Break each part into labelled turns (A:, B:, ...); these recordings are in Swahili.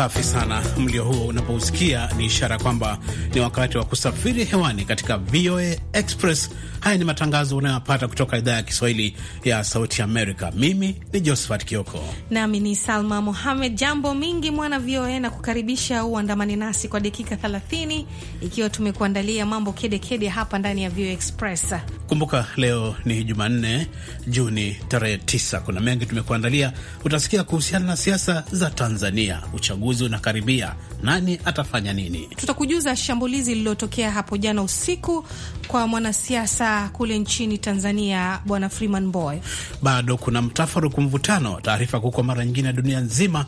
A: Safi sana. Mlio huo unapousikia ni ishara kwamba ni wakati wa kusafiri hewani katika VOA Express. Haya ni matangazo unayopata kutoka idhaa ya Kiswahili ya Sauti Amerika. Mimi ni Josephat Kioko
B: nami ni Salma Mohamed. Jambo mingi mwana VOA na kukaribisha uandamani nasi kwa dakika 30 ikiwa tumekuandalia mambo kedekede kede hapa ndani ya VOA Express.
A: Kumbuka leo ni Jumanne, Juni tarehe 9. Kuna mengi tumekuandalia, utasikia kuhusiana na siasa za Tanzania, uchaguzi uchaguzi unakaribia, nani atafanya nini?
B: Tutakujuza shambulizi lililotokea hapo jana usiku kwa mwanasiasa kule nchini Tanzania, Bwana Freeman boy
A: Bado kuna mtafaruku, mvutano. Taarifa kuko mara nyingine dunia nzima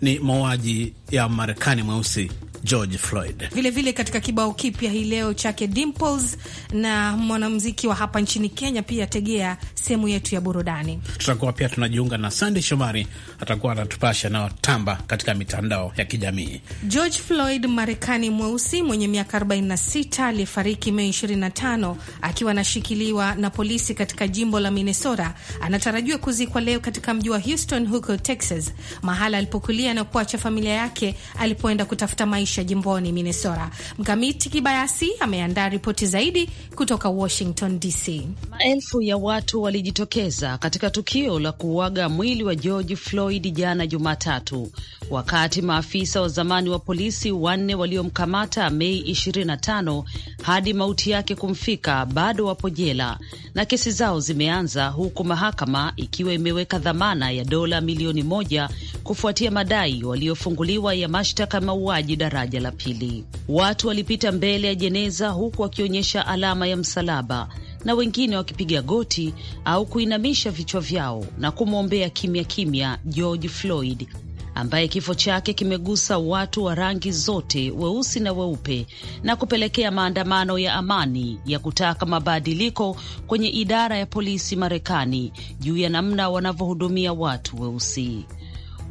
A: ni mauaji ya Marekani mweusi George Floyd.
B: Vilevile vile katika kibao kipya hii leo chake Dimples na mwanamziki wa hapa nchini Kenya, pia tegea sehemu yetu ya burudani.
A: Tutakuwa pia tunajiunga na Sandey Shomari, atakuwa anatupasha tamba katika mitandao ya kijamii.
B: George Floyd, Marekani mweusi mwenye miaka 46 aliyefariki Mei 25 akiwa anashikiliwa na polisi katika jimbo la Minnesota, anatarajiwa kuzikwa leo katika mji wa Houston huko Texas, mahala alipokulia na kuacha familia yake alipoenda kutafuta maisha maisha jimboni Minnesota. Mkamiti Kibayasi ameandaa ripoti zaidi kutoka Washington DC.
C: Maelfu ya watu walijitokeza katika tukio la kuuaga mwili wa George Floyd jana Jumatatu, wakati maafisa wa zamani wa polisi wanne waliomkamata Mei 25 hadi mauti yake kumfika bado wapo jela na kesi zao zimeanza, huku mahakama ikiwa imeweka dhamana ya dola milioni moja kufuatia madai waliofunguliwa ya mashtaka ya mauaji daraja la pili. Watu walipita mbele ya jeneza huku wakionyesha alama ya msalaba na wengine wakipiga goti au kuinamisha vichwa vyao na kumwombea kimya kimya George Floyd ambaye kifo chake kimegusa watu wa rangi zote, weusi na weupe, na kupelekea maandamano ya amani ya kutaka mabadiliko kwenye idara ya polisi Marekani juu ya namna wanavyohudumia watu weusi.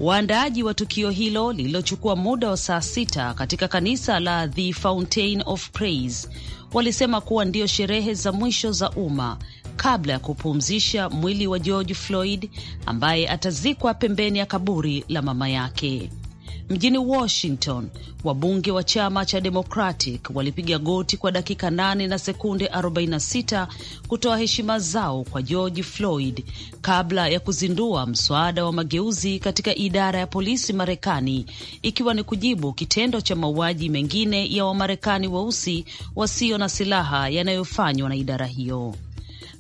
C: Waandaaji wa tukio hilo lililochukua muda wa saa sita katika kanisa la The Fountain of Praise walisema kuwa ndio sherehe za mwisho za umma kabla ya kupumzisha mwili wa George Floyd ambaye atazikwa pembeni ya kaburi la mama yake. Mjini Washington, wabunge wa chama cha Democratic walipiga goti kwa dakika 8 na sekunde 46 kutoa heshima zao kwa George Floyd kabla ya kuzindua mswada wa mageuzi katika idara ya polisi Marekani, ikiwa ni kujibu kitendo cha mauaji mengine ya Wamarekani weusi wasio na silaha yanayofanywa na idara hiyo.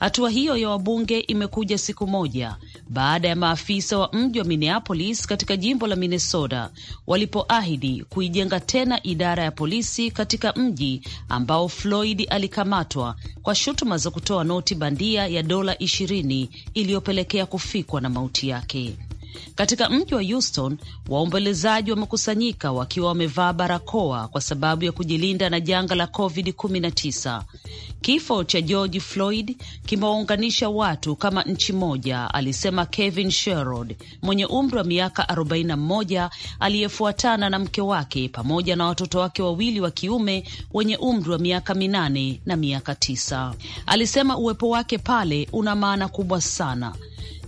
C: Hatua hiyo ya wabunge imekuja siku moja baada ya maafisa wa mji wa Minneapolis katika jimbo la Minnesota walipoahidi kuijenga tena idara ya polisi katika mji ambao Floyd alikamatwa kwa shutuma za kutoa noti bandia ya dola ishirini iliyopelekea kufikwa na mauti yake. Katika mji wa Houston, waombolezaji wamekusanyika wakiwa wamevaa barakoa kwa sababu ya kujilinda na janga la COVID-19. Kifo cha George Floyd kimewaunganisha watu kama nchi moja, alisema Kevin Sherrod mwenye umri wa miaka 41 aliyefuatana na mke wake pamoja na watoto wake wawili wa kiume wenye umri wa miaka minane na miaka tisa. Alisema uwepo wake pale una maana kubwa sana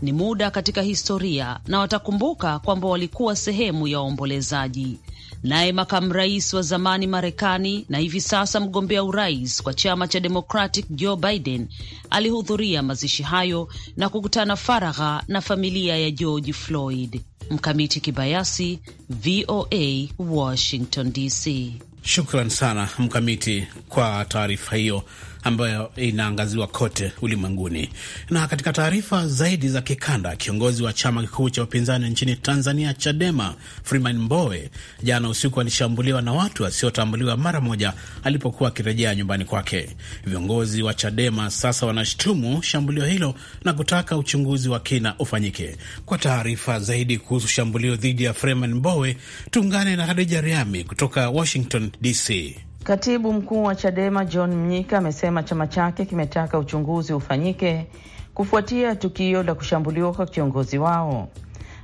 C: ni muda katika historia na watakumbuka kwamba walikuwa sehemu ya waombolezaji. Naye makamu rais wa zamani Marekani na hivi sasa mgombea urais kwa chama cha Democratic Joe Biden alihudhuria mazishi hayo na kukutana faragha na familia ya George Floyd. Mkamiti Kibayasi, VOA, Washington DC.
A: Shukran sana Mkamiti kwa taarifa hiyo ambayo inaangaziwa kote ulimwenguni. Na katika taarifa zaidi za kikanda, kiongozi wa chama kikuu cha upinzani nchini Tanzania, Chadema, Freeman Mbowe, jana usiku alishambuliwa na watu wasiotambuliwa mara moja alipokuwa akirejea nyumbani kwake. Viongozi wa Chadema sasa wanashutumu shambulio hilo na kutaka uchunguzi wa kina ufanyike. Kwa taarifa zaidi kuhusu shambulio dhidi ya Freeman Mbowe, tuungane na Hadija Riami kutoka Washington DC.
D: Katibu mkuu wa Chadema John Mnyika amesema chama chake kimetaka uchunguzi ufanyike kufuatia tukio la kushambuliwa kwa kiongozi wao.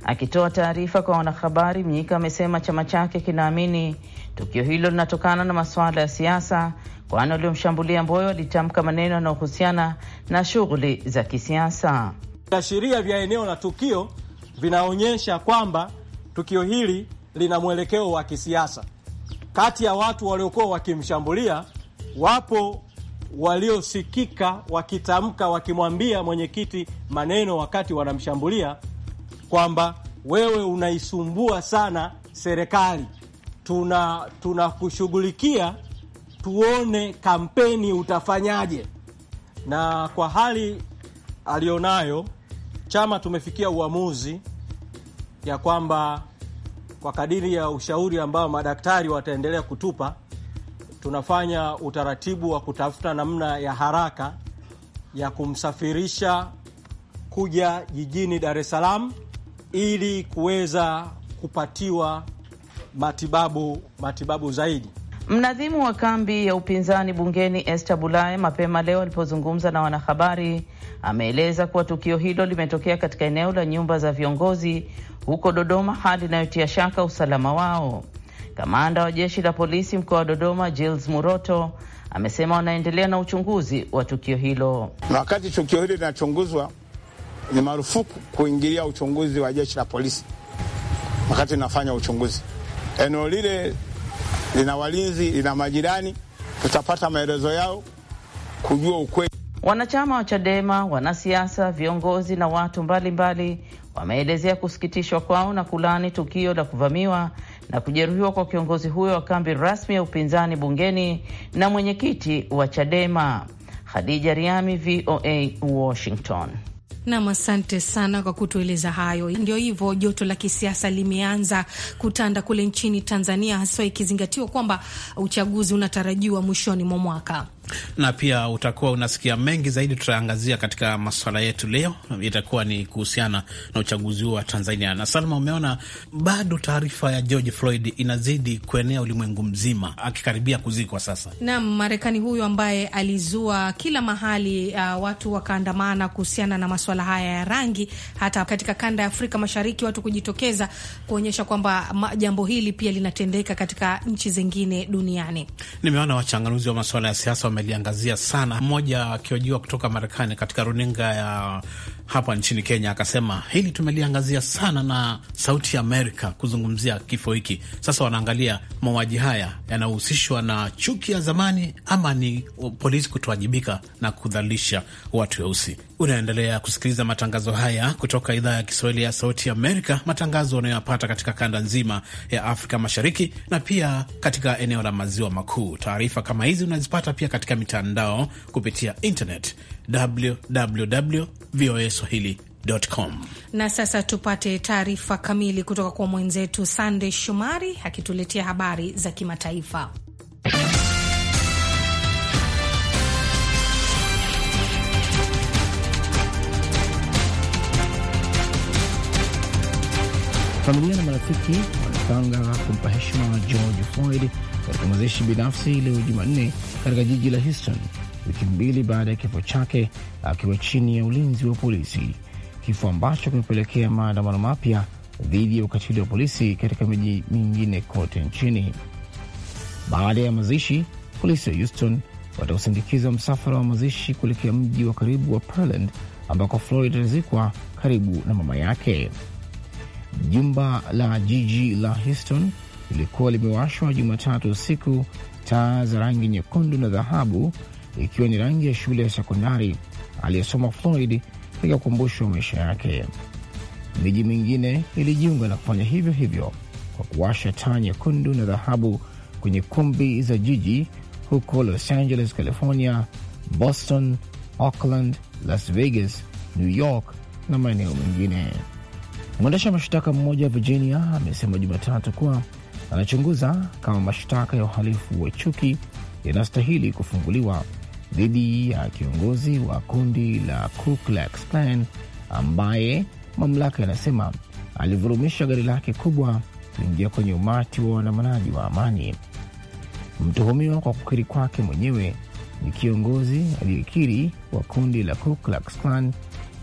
D: Akitoa taarifa kwa wanahabari, Mnyika amesema chama chake kinaamini tukio hilo linatokana na masuala ya siasa, kwani waliomshambulia Mboyo walitamka maneno yanayohusiana na shughuli za kisiasa.
E: Viashiria vya eneo la tukio vinaonyesha kwamba tukio hili lina mwelekeo wa kisiasa kati ya watu waliokuwa wakimshambulia wapo waliosikika wakitamka wakimwambia mwenyekiti maneno wakati wanamshambulia kwamba wewe unaisumbua sana serikali, tuna tunakushughulikia, tuone kampeni utafanyaje. Na kwa hali aliyonayo chama, tumefikia uamuzi ya kwamba kwa kadiri ya ushauri ambao madaktari wataendelea kutupa, tunafanya utaratibu wa kutafuta namna ya haraka ya kumsafirisha kuja jijini Dar es Salaam ili kuweza kupatiwa matibabu matibabu zaidi.
D: Mnadhimu wa kambi ya upinzani bungeni Esther bulae mapema leo alipozungumza na wanahabari ameeleza kuwa tukio hilo limetokea katika eneo la nyumba za viongozi huko Dodoma, hali inayotia shaka usalama wao. Kamanda wa jeshi la polisi mkoa wa Dodoma, Jules Muroto, amesema wanaendelea na uchunguzi wa tukio hilo.
A: Na wakati tukio hili linachunguzwa, ni marufuku kuingilia uchunguzi wa jeshi la polisi wakati linafanya uchunguzi. Eneo lile lina walinzi, lina majirani, tutapata maelezo yao kujua ukweli.
D: Wanachama wa Chadema, wanasiasa, viongozi na watu mbalimbali mbali wameelezea kusikitishwa kwao na kulaani tukio la kuvamiwa na kujeruhiwa kwa kiongozi huyo wa kambi rasmi ya upinzani bungeni na mwenyekiti wa Chadema. Khadija Riami, VOA Washington.
B: Nam, asante sana kwa kutueleza hayo. Ndio hivyo, joto la kisiasa limeanza kutanda kule nchini Tanzania, haswa ikizingatiwa kwamba uchaguzi unatarajiwa mwishoni mwa mwaka
A: na pia utakuwa unasikia mengi zaidi. Tutaangazia katika maswala yetu leo, itakuwa ni kuhusiana na uchaguzi huo wa Tanzania. Na Salma, umeona bado taarifa ya George Floyd inazidi kuenea ulimwengu mzima, akikaribia kuzikwa sasa.
B: Naam, Marekani huyu ambaye alizua kila mahali, uh, watu wakaandamana kuhusiana na maswala haya ya rangi, hata katika kanda ya Afrika Mashariki watu kujitokeza kuonyesha kwamba jambo hili pia linatendeka katika nchi zingine duniani.
A: Nimeona wachanganuzi wa maswala ya siasa ameliangazia sana. Mmoja akiojiwa kutoka Marekani katika runinga ya hapa nchini Kenya akasema hili tumeliangazia sana na Sauti Amerika kuzungumzia kifo hiki. Sasa wanaangalia mauaji haya yanahusishwa na chuki ya zamani ama ni polisi kutowajibika na kudhalilisha watu weusi. Unaendelea kusikiliza matangazo haya kutoka idhaa ya Kiswahili ya Sauti Amerika, matangazo unayoyapata katika kanda nzima ya Afrika Mashariki na pia katika eneo la Maziwa Makuu. Taarifa kama hizi unazipata pia katika mitandao kupitia internet www voa swahili Com.
B: Na sasa tupate taarifa kamili kutoka kwa mwenzetu Sandey Shomari akituletea habari za kimataifa.
F: Familia na marafiki wanapanga kumpa heshima George Floyd katika mazishi binafsi leo Jumanne katika jiji la Houston, wiki mbili baada ya kifo chake akiwa chini ya ulinzi wa polisi, kifo ambacho kimepelekea maandamano mapya dhidi ya ukatili wa polisi katika miji mingine kote nchini. Baada ya mazishi, polisi wa Houston watausindikiza msafara wa mazishi kuelekea mji wa karibu wa Pearland ambako Floyd alizikwa karibu na mama yake. Jumba la jiji la Houston lilikuwa limewashwa Jumatatu usiku taa za rangi nyekundu na dhahabu, ikiwa ni rangi ya shule ya sekondari aliyesoma Floyd katika ukumbusho wa maisha yake. Miji mingine ilijiunga na kufanya hivyo hivyo kwa kuwasha taa nyekundu na dhahabu kwenye kumbi za jiji huko Los Angeles, California, Boston, Auckland, Las Vegas, New York na maeneo mengine. Mwendesha mashtaka mmoja wa Virginia amesema Jumatatu kuwa anachunguza kama mashtaka ya uhalifu wa chuki yanastahili kufunguliwa dhidi ya kiongozi wa kundi la Ku Klux Klan ambaye mamlaka yanasema alivurumisha gari lake kubwa kuingia kwenye umati wa waandamanaji wa amani. Mtuhumiwa kwa kukiri kwake mwenyewe ni kiongozi aliyekiri wa kundi la Ku Klux Klan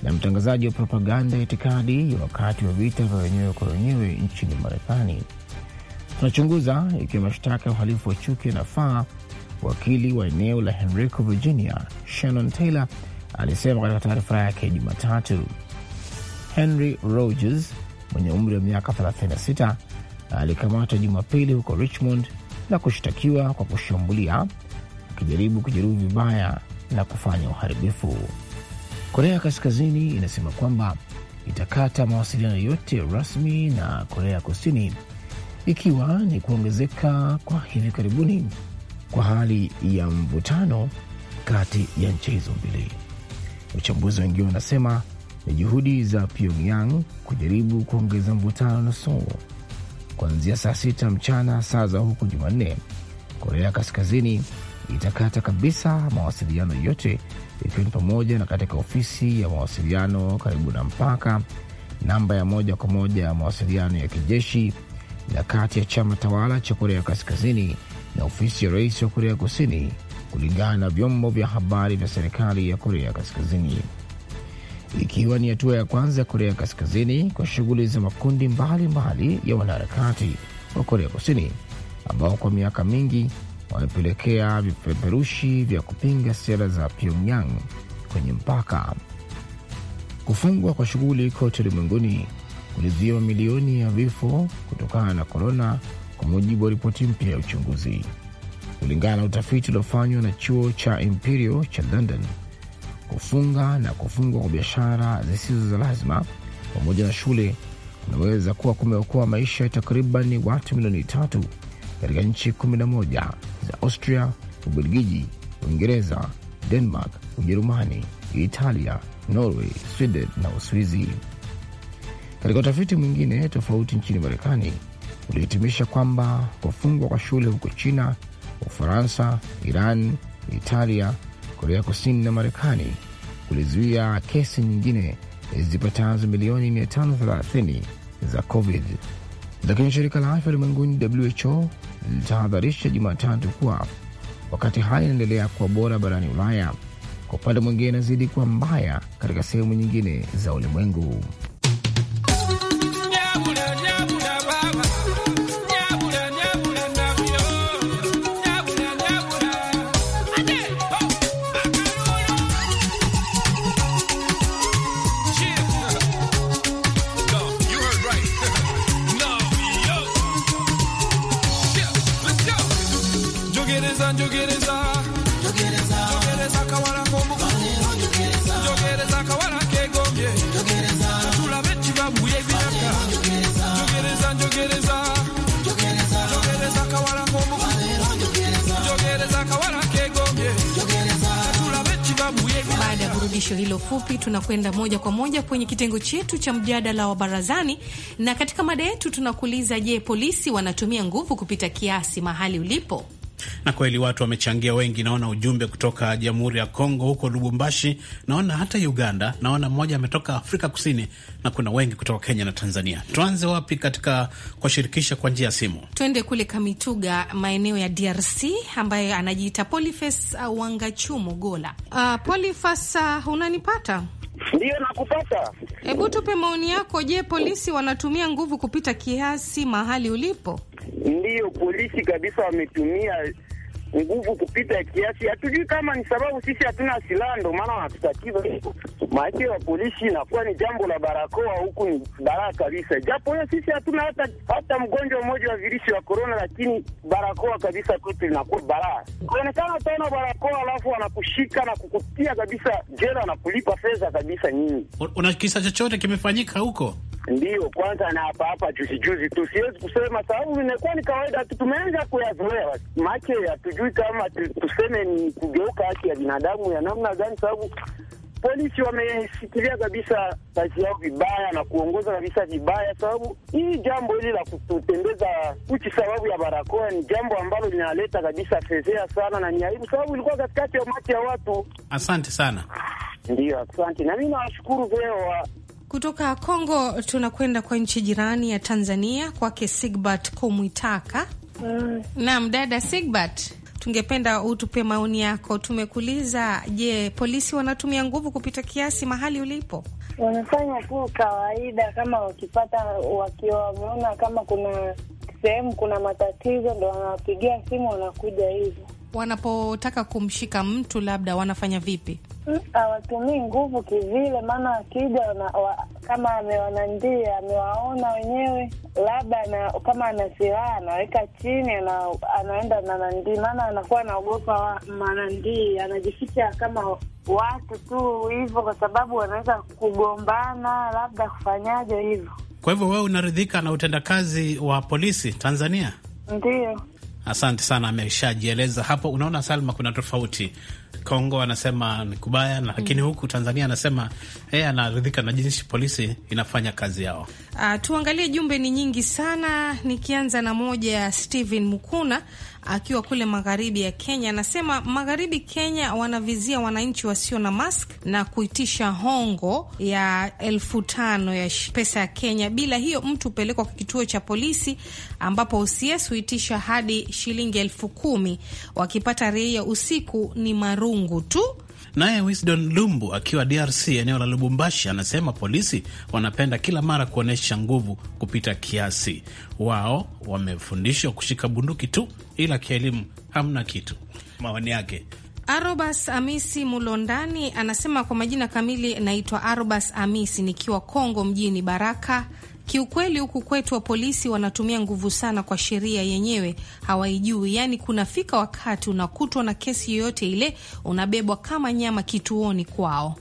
F: na mtangazaji wa propaganda ya itikadi ya wakati wa vita vya wenyewe kwa wenyewe nchini Marekani. Tunachunguza ikiwa mashtaka ya uhalifu wa chuki yanafaa, wakili wa eneo la Henrico, Virginia, Shannon Taylor alisema katika taarifa yake Jumatatu. Henry Rogers mwenye umri wa miaka 36 alikamatwa Jumapili huko Richmond na kushtakiwa kwa kushambulia, akijaribu kujeruhi vibaya na kufanya uharibifu. Korea Kaskazini inasema kwamba itakata mawasiliano yote rasmi na Korea Kusini, ikiwa ni kuongezeka kwa hivi karibuni kwa hali ya mvutano kati ya nchi hizo mbili. Wachambuzi wengine wanasema ni juhudi za Pyongyang kujaribu kuongeza mvutano na Seoul. Kuanzia saa sita mchana saa za huko Jumanne, Korea Kaskazini itakata kabisa mawasiliano yote, ikiwa ni pamoja na katika ofisi ya mawasiliano karibu na mpaka, namba ya moja kwa moja ya mawasiliano ya kijeshi, na kati ya chama tawala cha Korea Kaskazini na ofisi ya rais wa Korea Kusini, kulingana na vyombo vya habari vya serikali ya Korea Kaskazini, ikiwa ni hatua ya kwanza ya Korea Kaskazini kwa shughuli za makundi mbalimbali mbali ya wanaharakati wa Korea Kusini ambao kwa miaka mingi wamepelekea vipeperushi vya kupinga sera za Pyongyang kwenye mpaka. Kufungwa kwa shughuli kote ulimwenguni kulizia mamilioni ya vifo kutokana na korona, kwa mujibu wa ripoti mpya ya uchunguzi. Kulingana na utafiti uliofanywa na chuo cha Imperial cha London, kufunga na kufungwa kwa biashara zisizo za lazima pamoja na shule kunaweza kuwa kumeokoa maisha ya takriban watu milioni tatu katika nchi 11 za Austria, Ubelgiji, Uingereza, Denmark, Ujerumani, Italia, Norway, Sweden na Uswizi. Katika utafiti mwingine tofauti nchini Marekani ulihitimisha kwamba kufungwa kwa shule huko China, Ufaransa, Iran, Italia, Korea Kusini na Marekani kulizuia kesi nyingine zipatazo milioni 530 za COVID lakini shirika la afya ulimwenguni WHO lilitahadharisha Jumatatu kuwa wakati hali inaendelea kuwa bora barani Ulaya, kwa upande mwingine inazidi kuwa mbaya katika sehemu nyingine za ulimwengu.
B: suluhisho hilo fupi, tunakwenda moja kwa moja kwenye kitengo chetu cha mjadala wa barazani, na katika mada yetu tunakuuliza, je, polisi wanatumia nguvu kupita kiasi mahali ulipo?
A: Na kweli watu wamechangia wengi. Naona ujumbe kutoka Jamhuri ya Kongo huko Lubumbashi, naona hata Uganda, naona mmoja ametoka Afrika Kusini, na kuna wengi kutoka Kenya na Tanzania. Tuanze wapi katika kuwashirikisha kwa njia ya simu?
B: Tuende kule Kamituga, maeneo ya DRC, ambaye anajiita Polifes Wangachumo Gola. Uh, ah, Polifas, uh, ah, unanipata? Ndiyo, nakupata. Hebu tupe maoni yako. Je, polisi wanatumia nguvu kupita kiasi mahali ulipo?
E: Ndiyo, polisi kabisa wametumia nguvu kupita kiasi. Hatujui kama ni sababu sisi hatuna silaha, ndio maana wanatutatiza maake ya polisi inakuwa ni jambo la barakoa, huku ni baraa kabisa. Japo hiyo sisi hatuna hata hata mgonjwa mmoja wa virusi wa korona, lakini barakoa kabisa kwetu inakuwa baraa Kuonekana utaona barakoa, alafu wanakushika na kukutia kabisa jela na kulipa fedha kabisa nyingi.
A: Una kisa chochote kimefanyika huko?
E: ndio kwanza na hapa hapa juzi juzi tu, siwezi kusema sababu imekuwa ni kawaida tu, tumeanza kuyazoea mache. Hatujui kama tuseme ni kugeuka haki ya binadamu ya namna gani, sababu polisi wameshikilia kabisa kazi yao vibaya na kuongoza kabisa vibaya, sababu hii jambo hili la kutembeza uchi sababu ya barakoa ni jambo ambalo linaleta kabisa fedhea sana na ni aibu, sababu ilikuwa katikati ya umati ya watu.
A: Asante sana.
E: ndio asante na mi nawashukuru wa kutoka Kongo
B: tunakwenda kwa nchi jirani ya Tanzania, kwake Sigbat Komwitaka. Mm. Naam, dada Sigbat, tungependa utupe maoni yako. Tumekuuliza, je, polisi wanatumia nguvu kupita kiasi mahali ulipo?
C: Wanafanya tu kawaida, kama wakipata wakiwaona kama kuna sehemu kuna matatizo, ndo wanawapigia simu wanakuja hivyo
B: wanapotaka kumshika mtu labda wanafanya
C: vipi? Hmm, hawatumii nguvu kivile, maana akija kama ndia amewaona wenyewe, labda na, kama ana silaha anaweka chini ana, anaenda na nandii, maana anakuwa anaogopa manandii, anajificha kama watu tu hivyo, kwa sababu wanaweza kugombana labda kufanyaje
G: hivyo.
A: Kwa hivyo wewe unaridhika na utendakazi wa polisi Tanzania? Ndiyo. Asante sana, ameshajieleza hapo. Unaona Salma, kuna tofauti. Kongo anasema ni kubaya, lakini mm, huku Tanzania anasema yeye eh, anaridhika na jinsi polisi inafanya kazi yao.
B: Uh, tuangalie jumbe ni nyingi sana, nikianza na moja ya Steven Mukuna akiwa kule magharibi ya Kenya. Anasema magharibi Kenya wanavizia wananchi wasio na mask na kuitisha hongo ya elfu tano ya pesa ya Kenya. Bila hiyo mtu hupelekwa kituo cha polisi ambapo OCS huitisha hadi shilingi elfu kumi. Wakipata reia usiku ni marungu tu.
A: Naye Wisdon Lumbu akiwa DRC eneo la Lubumbashi anasema polisi wanapenda kila mara kuonyesha nguvu kupita kiasi. Wao wamefundishwa kushika bunduki tu, ila kielimu hamna kitu. Maoni yake.
B: Arobas Amisi Mulondani anasema, kwa majina kamili naitwa Arobas Amisi, nikiwa Kongo mjini Baraka Kiukweli huku kwetu wa polisi wanatumia nguvu sana kwa sheria yenyewe hawaijui. Yaani kunafika wakati unakutwa na kesi yoyote ile unabebwa kama nyama kituoni kwao.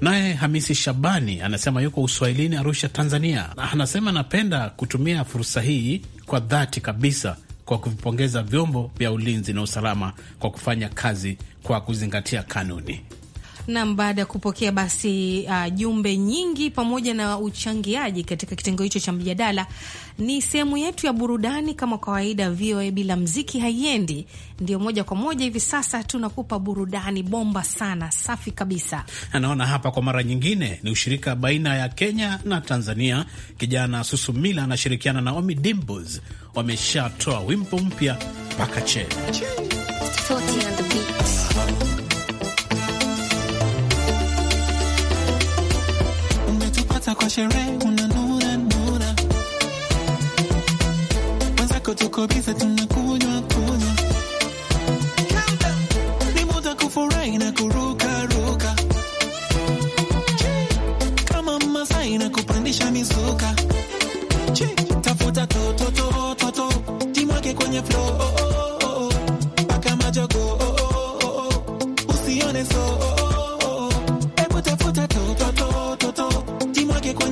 A: Naye Hamisi Shabani anasema yuko Uswahilini, Arusha, Tanzania. Anasema napenda kutumia fursa hii kwa dhati kabisa kwa kuvipongeza vyombo vya ulinzi na usalama kwa kufanya kazi kwa kuzingatia kanuni.
B: Nam, baada ya kupokea basi uh, jumbe nyingi pamoja na uchangiaji katika kitengo hicho cha mjadala, ni sehemu yetu ya burudani. Kama kawaida, VOA bila mziki haiendi. Ndio moja kwa moja hivi sasa tunakupa burudani bomba sana, safi kabisa.
A: Anaona hapa kwa mara nyingine ni ushirika baina ya Kenya na Tanzania. Kijana Susumila anashirikiana na Omi Dimbos, wameshatoa wimbo mpya Pakache.
G: sherehe unanuna nuna wenzako tuko bize tunakunywa kunywa ni muda kufurahi na kurukaruka kama Masai na kupandisha mizuka tafuta tototototo timwake kwenye flow mpaka oh, oh, oh, majogo usione so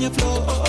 G: your flow.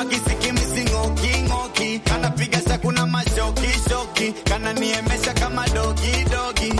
G: Kama kisikimizi ngoki ngoki, kana piga sakuna mashoki shoki, kana niemesha kama dogi dogi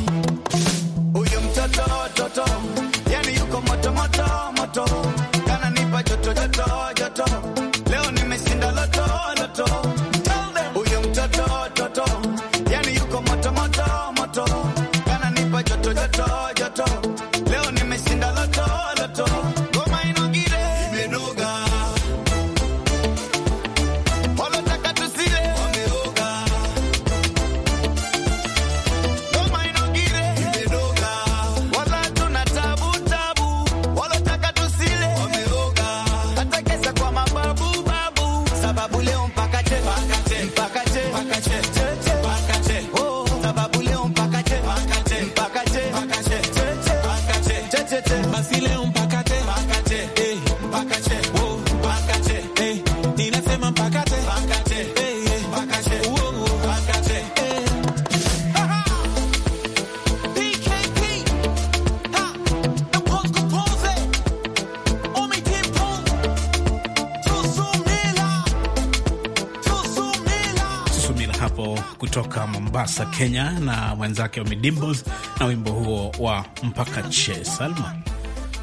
A: Kenya na mwenzake Midimbos na wimbo huo wa Mpaka Che Salma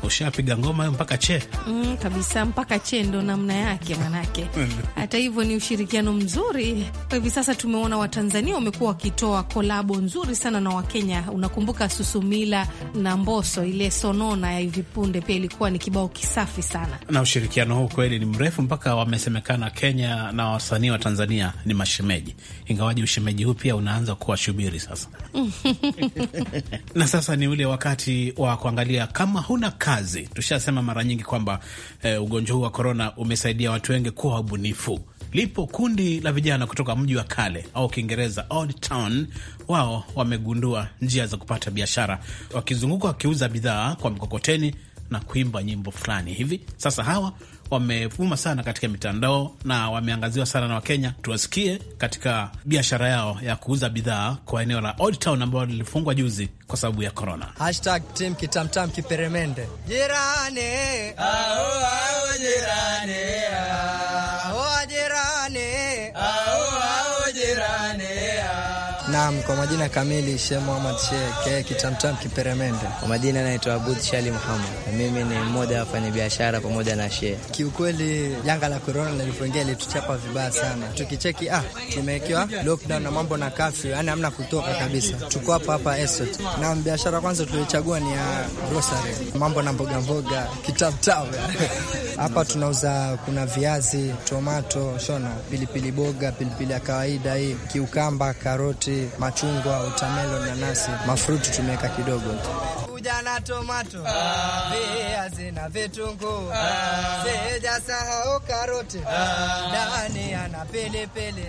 A: ushapiga ngoma mpaka che
B: mm, kabisa mpaka che ndo namna yake manake. Hata hivyo ni ushirikiano mzuri. Hivi sasa tumeona Watanzania wamekuwa wakitoa kolabo nzuri sana na Wakenya. Unakumbuka Susumila na Mboso, ile sonona ya hivi punde pia ilikuwa ni kibao kisafi sana,
A: na ushirikiano huu kweli ni mrefu, mpaka wamesemekana Kenya na wasanii wa Tanzania ni mashemeji, ingawaji ushemeji huu pia unaanza kuwa shubiri sasa na sasa ni ule wakati wa kuangalia kama huna kazi. Tushasema mara nyingi kwamba eh, ugonjwa huu wa korona umesaidia watu wengi kuwa wabunifu. Lipo kundi la vijana kutoka mji wa kale au Kiingereza Old Town. Wao wamegundua njia za kupata biashara, wakizunguka wakiuza bidhaa kwa mkokoteni na kuimba nyimbo fulani hivi. Sasa hawa wamevuma sana katika mitandao na wameangaziwa sana na Wakenya. Tuwasikie katika biashara yao ya kuuza bidhaa kwa eneo la Old Town lilifungwa juzi kwa sababu ya korona.
H: Hashtag tim kitamtam kiperemende jirani, au au jirani Naam, kwa majina kamili Sheikh Muhammad Sheikh Kitamtam Kiperemende. Kwa majina naitwa Abud Shali Muhammad. Mimi ni mmoja wa wafanyabiashara pamoja na Sheikh. Kiukweli janga la corona lilipoingia lituchapa vibaya sana. Tukicheki ah, tumewekewa lockdown na mambo na kafyu, yani hamna kutoka kabisa. Tuko hapa hapa Esot. Na biashara kwanza tulichagua ni ya grocery. Mambo na mboga mboga Kitamtam. Hapa tunauza kuna viazi, tomato, shona, pilipili boga, pilipili ya kawaida hii, kiukamba, karoti machungwa, utamelo, nanasi, mafruti tumeweka kidogo. pamoja na tomato ah. viazi na vitunguu, ah. sijasahau karoti dania ah. na pilipili.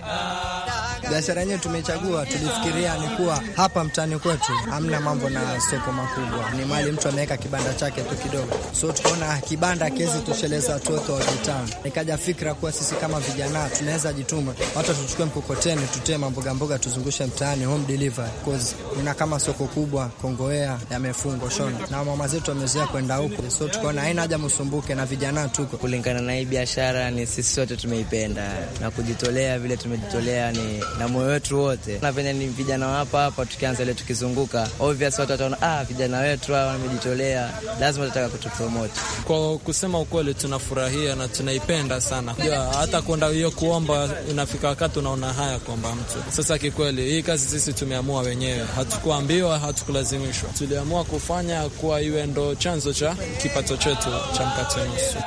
H: Biashara yenyewe tumechagua, tulifikiria ni kuwa hapa mtaani kwetu hamna mambo na soko makubwa, ni mali mtu ameweka kibanda chake tu kidogo, so tukaona kibanda kiwezi tosheleza watoto wa kitan. Nikaja fikra kuwa sisi kama vijana tunaweza jituma, watu tuchukue mkokoteni, tutema mbogamboga, tuzungushe mtaani, home delivery, cause una kama soko kubwa Kongowea yamefungwa kushona, na mama zetu wamezoea kwenda huko, so tukaona haina haja msumbuke na vijana tuko. Kulingana na hii biashara, ni sisi sote tumeipenda na kujitolea vile tumejitolea ni na moyo wetu wote, na venye ni vijana hapa hapa, tukianza ile tukizunguka, obvious watu wataona, ah, vijana wetu hawa wamejitolea, lazima tutataka kutupromote. Kwa kusema ukweli, tunafurahia na tunaipenda sana ja, hata kwenda hiyo kuomba, inafika wakati unaona haya kwamba mtu sasa, kikweli hii kazi sisi tumeamua wenyewe, hatukuambiwa, hatukulazimishwa, tuliamua kufu kufanya kuwa iwe ndo
E: chanzo cha kipato chetu cha mkate nusu.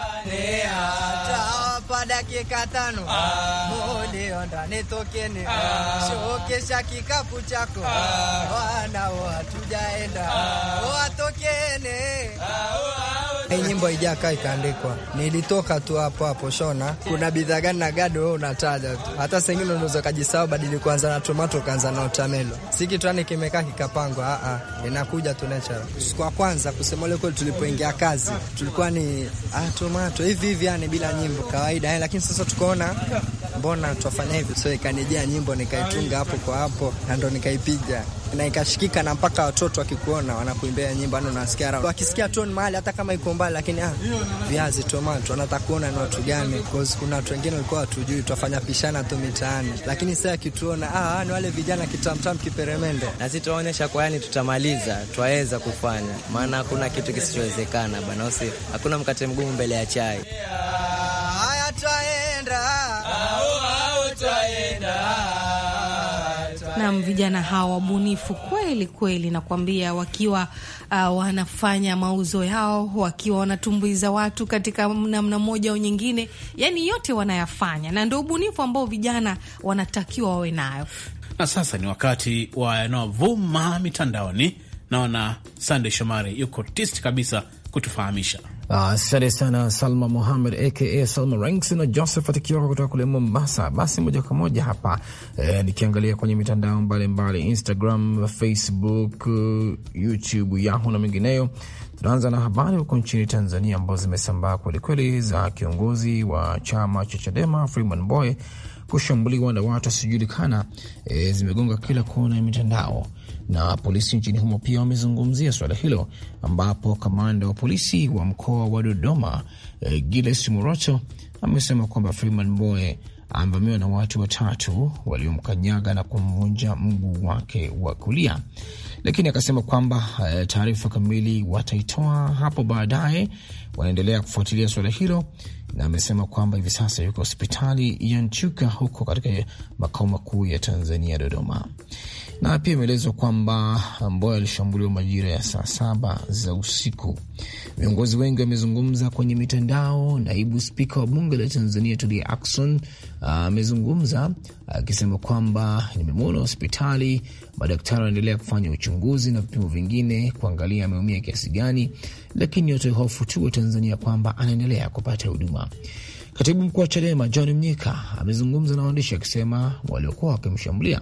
H: Dakika tano mulio ndani tokeni, shokesha kikapu chako, wanao hatujaenda watokene hii nyimbo haijakaa ikaandikwa, nilitoka tu hapo hapo shona. Kuna bidhaa gani na gado wewe unataja tu, hata sengine unaweza kujisahau, badili kuanza na tomato kaanza na utamelo, si kitu yani kimekaa kikapangwa. A ah, a, ah. inakuja tu natural. Siku ya kwanza kusema ile kweli, tulipoingia kazi tulikuwa ni ah, tomato hivi hivi, yani bila nyimbo kawaida, eh, lakini sasa tukaona mbona tuwafanya hivi, so ikanijia nyimbo nikaitunga hapo kwa hapo na ndo nikaipiga na ikashikika, na mpaka watoto wakikuona wanakuimbea nyimbo, ana unasikia raha, wakisikia tone mahali, hata kama iko mbali, lakini ah, viazi tomato, wanataka kuona ni watu gani, because kuna watu wengine walikuwa hatujui, tutafanya pishana tu mitaani, lakini sasa akituona, ah, ah, ni wale vijana kitamtam kiperemende, na sisi tuwaonyesha kwa yani, tutamaliza, twaweza kufanya, maana hakuna kitu kisichowezekana bana, usi hakuna mkate mgumu mbele ya chai.
B: Nam, vijana hawa wabunifu kweli kweli, kuambia wakiwa uh, wanafanya mauzo yao, wakiwa wanatumbuiza watu katika namna moja au nyingine, yani yote wanayafanya, na ndio ubunifu ambao vijana wanatakiwa wawe nayo.
A: Na sasa ni wakati wa yanaovuma mitandaoni. Naona Sandey Shomari yuko tisti kabisa kutufahamisha.
F: Asante uh, sana Salma Muhamed aka Salma Ranks na Josephat Kioko kutoka kule Mombasa. Basi moja kwa moja hapa eh, nikiangalia kwenye mitandao mbalimbali mbali, Instagram, Facebook, eh, YouTube, Yahoo na mengineyo. Tunaanza na habari huko nchini Tanzania ambazo zimesambaa kwelikweli za kiongozi wa chama cha Chadema Freeman Boy kushambuliwa na watu wasiojulikana. E, zimegonga kila kona ya mitandao na polisi nchini humo pia wamezungumzia suala hilo, ambapo kamanda wa polisi wa mkoa wa Dodoma eh, Giles Muroto amesema kwamba Freeman Mbowe amevamiwa na watu watatu waliomkanyaga na kumvunja mguu wake wa kulia, lakini akasema kwamba eh, taarifa kamili wataitoa hapo baadaye. Wanaendelea kufuatilia suala hilo, na amesema kwamba hivi sasa yuko hospitali ya Nchuka huko katika makao makuu ya Tanzania, Dodoma na pia imeelezwa kwamba ambayo alishambuliwa majira ya saa saba za usiku. Viongozi wengi wamezungumza kwenye mitandao. Naibu spika wa bunge la Tanzania Tulia Ackson amezungumza akisema kwamba nimemwona hospitali, madaktari wanaendelea kufanya uchunguzi na vipimo vingine kuangalia ameumia kiasi gani, lakini watoe hofu tu wa Tanzania kwamba anaendelea kupata huduma. Katibu mkuu wa CHADEMA John Mnyika amezungumza na waandishi akisema waliokuwa wakimshambulia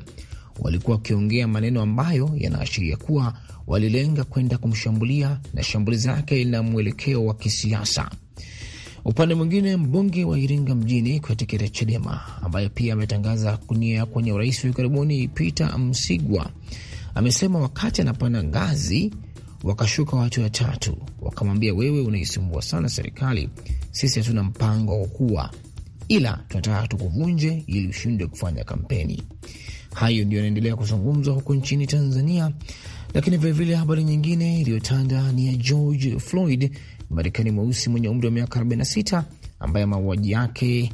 F: walikuwa wakiongea maneno ambayo yanaashiria kuwa walilenga kwenda kumshambulia na shambulizi lake lina mwelekeo wa kisiasa. Upande mwingine, mbunge wa Iringa mjini kwa tiketi ya Chadema ambaye pia ametangaza kunia kwenye urais hivi karibuni, Peter Msigwa amesema wakati anapanda ngazi wakashuka watu watatu wakamwambia, wewe unaisumbua sana serikali, sisi hatuna mpango wa kukua, ila tunataka tukuvunje ili ushindwe kufanya kampeni. Hayo ndio yanaendelea kuzungumzwa huko nchini Tanzania, lakini vilevile habari nyingine iliyotanda ni ya George Floyd, Marekani mweusi mwenye umri wa miaka 46 ambaye mauaji yake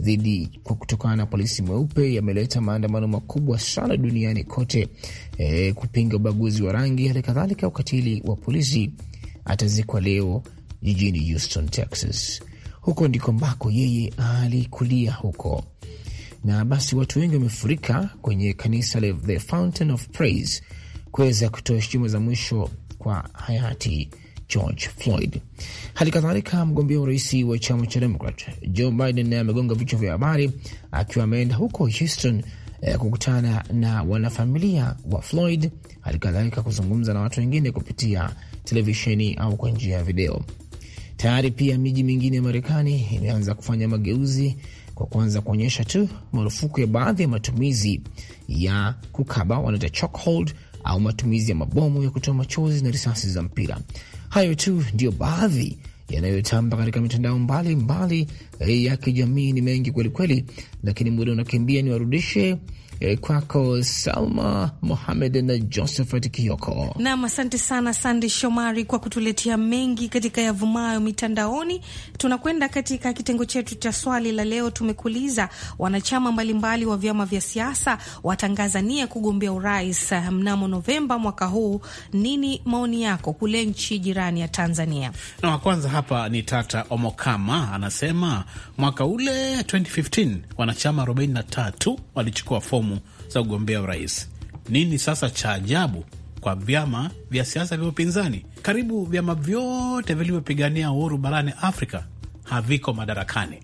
F: dhidi kwa kutokana na polisi mweupe yameleta maandamano makubwa sana duniani kote, e, kupinga ubaguzi wa rangi, hali kadhalika ukatili wa polisi. Atazikwa leo jijini Houston, Texas. Huko ndiko ambako yeye alikulia huko na basi watu wengi wamefurika kwenye kanisa la The Fountain of Praise kuweza kutoa heshima za mwisho kwa hayati George Floyd. Hali kadhalika mgombea urais wa chama cha Demokrat Joe Biden naye amegonga vichwa vya habari akiwa ameenda huko Houston eh, kukutana na wanafamilia wa Floyd, hali kadhalika kuzungumza na watu wengine kupitia televisheni au kwa njia ya video. Tayari pia miji mingine ya Marekani imeanza kufanya mageuzi kwa kwanza kuonyesha tu marufuku ya baadhi ya matumizi ya kukaba wanaita chokehold au matumizi ya mabomu ya kutoa machozi na risasi za mpira. Hayo tu ndiyo baadhi yanayotamba katika mitandao mbalimbali ya kijamii. Ni mengi kwelikweli, lakini muda unakimbia. Niwarudishe kwako Salma Mohamed na Josephat Kioko.
B: Nam, asante sana Sande Shomari kwa kutuletea mengi katika yavumayo mitandaoni. Tunakwenda katika kitengo chetu cha swali la leo. Tumekuuliza, wanachama mbalimbali wa vyama vya siasa watangaza nia kugombea urais eh, mnamo Novemba mwaka huu, nini maoni yako kule nchi jirani ya Tanzania?
A: Na wa kwanza hapa ni Tata Omokama, anasema mwaka ule 2015 wanachama 43 walichukua fomu ngumu za kugombea urais. Nini sasa cha ajabu kwa vyama vya siasa vya upinzani? Karibu vyama vyote vilivyopigania uhuru barani Afrika haviko madarakani.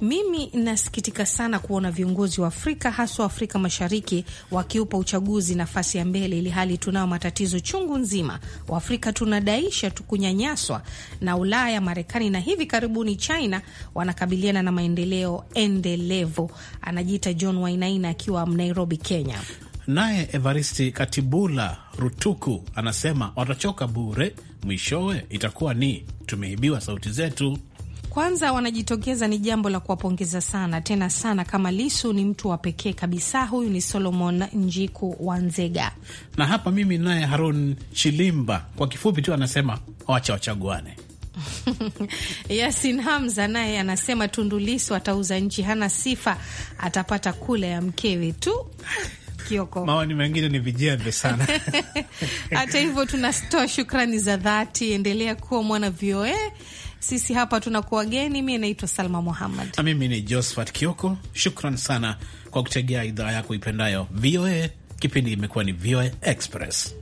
B: Mimi nasikitika sana kuona viongozi wa Afrika haswa Afrika Mashariki wakiupa uchaguzi nafasi ya mbele, ili hali tunayo matatizo chungu nzima. Waafrika tunadaisha tukunyanyaswa na Ulaya, Marekani na hivi karibuni China wanakabiliana na maendeleo endelevu. Anajiita John Wainaina akiwa Nairobi, Kenya.
A: Naye Evaristi Katibula Rutuku anasema watachoka bure, mwishowe itakuwa ni tumeibiwa sauti zetu
B: kwanza wanajitokeza ni jambo la kuwapongeza sana tena sana. Kama Lisu ni mtu wa pekee kabisa. Huyu ni Solomon Njiku wa Nzega,
A: na hapa mimi naye Harun Chilimba kwa kifupi tu anasema wacha wachaguane.
B: Yasin Hamza naye anasema Tundu Lisu atauza nchi, hana sifa, atapata kula ya mkewe tu. Kioko.
A: Maoni mengine ni vijembe sana.
B: Hata hivyo tunatoa shukrani za dhati, endelea kuwa mwana VOA sisi hapa tunakuwa geni. Mi naitwa Salma Muhammad
A: na mimi ni Josphat Kioko. Shukran sana kwa kutegea idhaa yako ipendayo VOA. Kipindi imekuwa ni VOA Express.